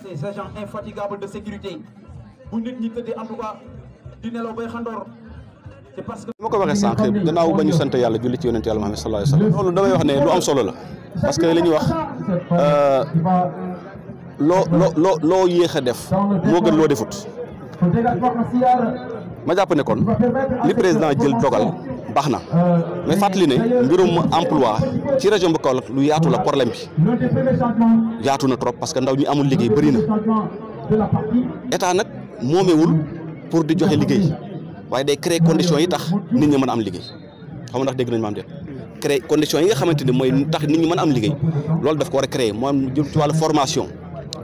Ces agents infatigables de sécurité Vous n'êtes ni tëddee en tout cas di nelaw c'est parce que ma ko waxee sànq gannaaw ba ñu sant yàlla julli ci yonente yàlla Muhammad sallallahu Alaihi wasallam loolu damay wax ne lu am solo la parce que li ñuy wax euh, loo loo lo loo yéex a def moo gën loo defut ma jàpp ne kon li président jël dogal baax na mais fàttali ne mbirum emploi ci région bu Kaolack lu yaatu la problème bi yaatu na trop parce que ndaw ñi amul liggéey bëri na état nag moomeewul pour di joxe liggéey waaye day créer conditions yi tax nit ñi mën a am liggéey xam ndax dégg nañu maam déet créer conditions yi nga xamante ni mooy tax nit ñi mën am liggéey loolu daf ko war a créer moom jëm ci wàllu formation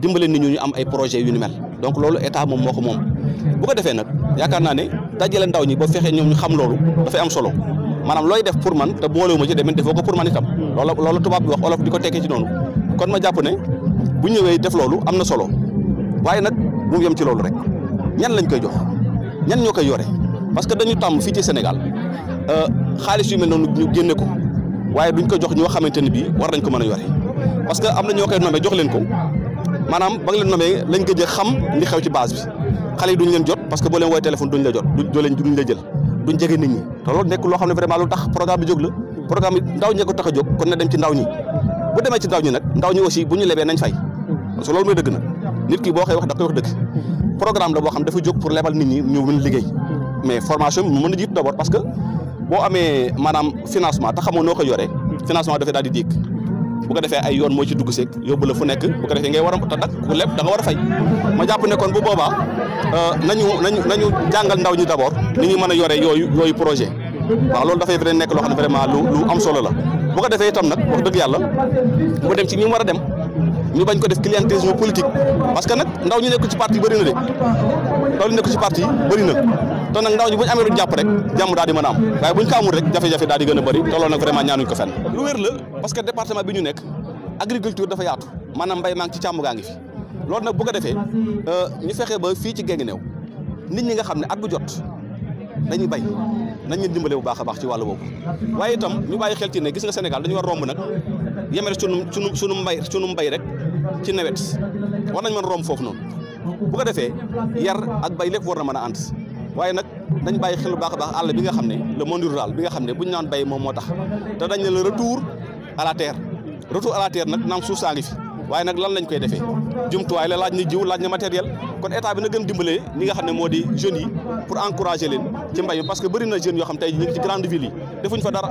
dimbale nit ñi ñu am ay projets yu ni mel donc loolu état moom moo ko moom bu ko defee nag yaakaar naa ne dajale ndaw ñi ba fexe ñoom ñu xam loolu dafay am solo maanaam looy def pour man te boolewuma ci demen defoo ko pour man itam loolu loolu tubaab bi wax olof di ko tekkee ci noonu kon ma jàpp ne bu ñëwee def loolu am na solo waaye nag bu mu yem ci loolu rek ñan lañ koy jox ñan ñoo koy yore parce que dañu tàmm fii ci Sénégal euh, xaalis yu mel noonu ñu génne ko waaye duñ ko jox ñoo xamante ni bii war nañ ko mën a yore parce que am na ñoo koy nomee jox leen ko maanaam ba nga leen nomee lañ ko a xam li xew ci base bi xale yi duñ leen jot parce que boo leen woowee téléphone duñ la jot duñ leen duñ la jël duñ jege nit ñi te loolu nekk loo xam ne vraiment lu tax programme bi jóg la programme ndaw ñee ko tax a jóg kon na dem ci ndaw ñi bu demee ci ndaw ñi nag ndaw ñi aussi bu ñu lebee nañ fay dëgg nag nit ki boo koy wax da koy wax dëgg programme boo xam dafa jóg pour lebal nit ñi ñu mën liggéey mais formation bi ñu jitt d'abord parce que bo amé manam financement ta xamono ko yoré financement dafa daal di dikk bu ko défé ay yoon mo ci dugg sék yóbbu fu nek bu ko défé ngay war ta nak nag ku lépp da nga wara fay ma japp né kon bu boba euh nañu nañu nañu jangal ndaw ñi d'abord abord ni ñu mën a yoree yooyu yooyu projet waaw loolu dafay nekk loo xam ne vraiment lu lu am solo la bu ko défé itam nak wax dëgg yalla mu dem ci ñi wara dem ñu bañ ko def clientélisme politique parce que nak ndaw ñu nekk ci parti bari na de ndaw ñu nekk ci parti bari na. te nag ndaw ñi bu amee lu jàpp rek jàmm daal di mën a am waaye bu ñu rek jafe-jafe daal di gën a bëri te loolu nag vraiment ñaanuñ ko fenn lu wér la parce que département bi ñu nekk agriculture dafa yaatu maanaam mbay maa ngi ci càmm gaa ngi fi loolu nag bu ko defee euh, ñu fexe ba fii ci Guinguinéo nit ñi nga xam ne at bu jot dañu bay nañ leen dimbale bu baax a baax ci wàllu boobu waaye itam ñu bàyyi xel ci ne gis nga Sénégal dañu war romb nag yemere sunu sunu mbay sunu mbay rek ci nawet war nañ mën romb foofu noonu bu ko defee yar ak bay lépp war na mën a ànd waaye nag dañ bàyyi xel bu baax a baax àll bi nga xam ne le monde rural bi nga xam ne bu ñu naan bay moom moo tax te dañ ne le retour à la terre retour à la terre nag naam suuf saa fi waaye nag lan lañ koy defee jumtuwaay la laaj na jiw laaj na matériel kon état bi na gën dimbalee ñi nga xam ne moo di jeunes yi pour encourager leen ci mbay mi parce que bëri na jeunes yoo xam tey ñu ngi ci grande ville yi defuñ fa dara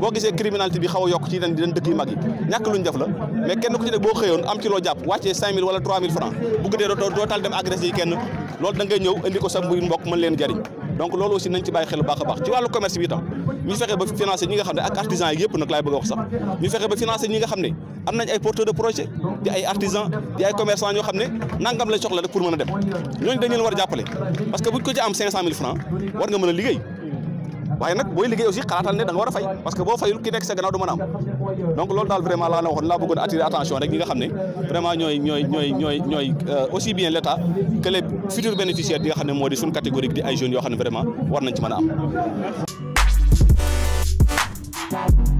boo gisee criminalité bi xaw a yokk ci ren di leen dëkk mag yi ñàkk luñ def la mais kenn ku ci ne boo xëyoon am ci loo jàpp wàccee 5000 wala 3000 francs bu gëdee doo tal dem agressé kenn loolu da ñëw indi ko sa mbir mbokk mën leen jariñ donc loolu aussi nañ ci bàyyi xel baax a baax ci wàllu commerce bi itam ñu fexe ba financé ñi nga xam ne ak artisan yi yëpp nag laay bëgg a wax sax ñu fexe ba financé ñi nga xam ne am nañ ay porteurs de projet waaye nag booy liggéey aussi xalaatal ne da nga war a fay parce que boo fayul ki nekk sa gannaaw du mën a am donc loolu daal vraiment laa na waxoon laa nga xam ne vraiment ñooy euh, aussi bien l'état que les futurs bénéficiaires xam ne moo di suñ di ay jeunes yoo xam ne vraiment war nañ ci am